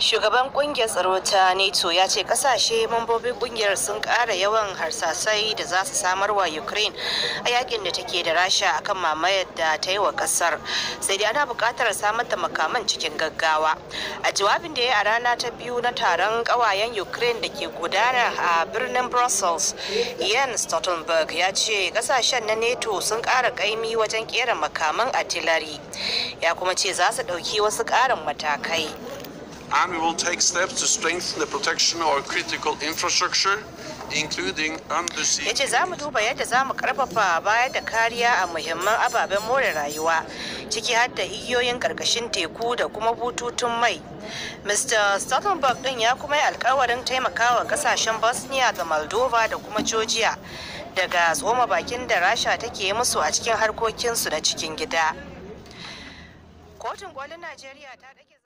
shugaban kungiyar tsaro ta nato ya ce kasashe mambobin kungiyar sun kara yawan harsasai da za su samar wa ukraine a yakin da take da rasha akan mamayar da ta yi wa kasar sai dai ana buƙatar samar da makaman cikin gaggawa a jawabin da ya a rana ta biyu na taron kawayen ukraine da ke gudana a birnin brussels yan stoltenberg ya ce kasashen na nato sun kara kaimi wajen kera makaman artillery ya kuma ce za su ɗauki wasu ƙarin matakai and we will take steps to strengthen the protection of our critical infrastructure ya ce za mu duba yadda za mu karfafa bayar da kariya a muhimman ababen more rayuwa ciki har da igiyoyin karkashin teku da kuma bututun mai mr stoltenberg din ya kuma yi alkawarin taimakawa kasashen bosnia da moldova da kuma georgia daga tsoma bakin da rasha take yi musu a cikin harkokinsu na cikin gida kotun gwalin najeriya ta dake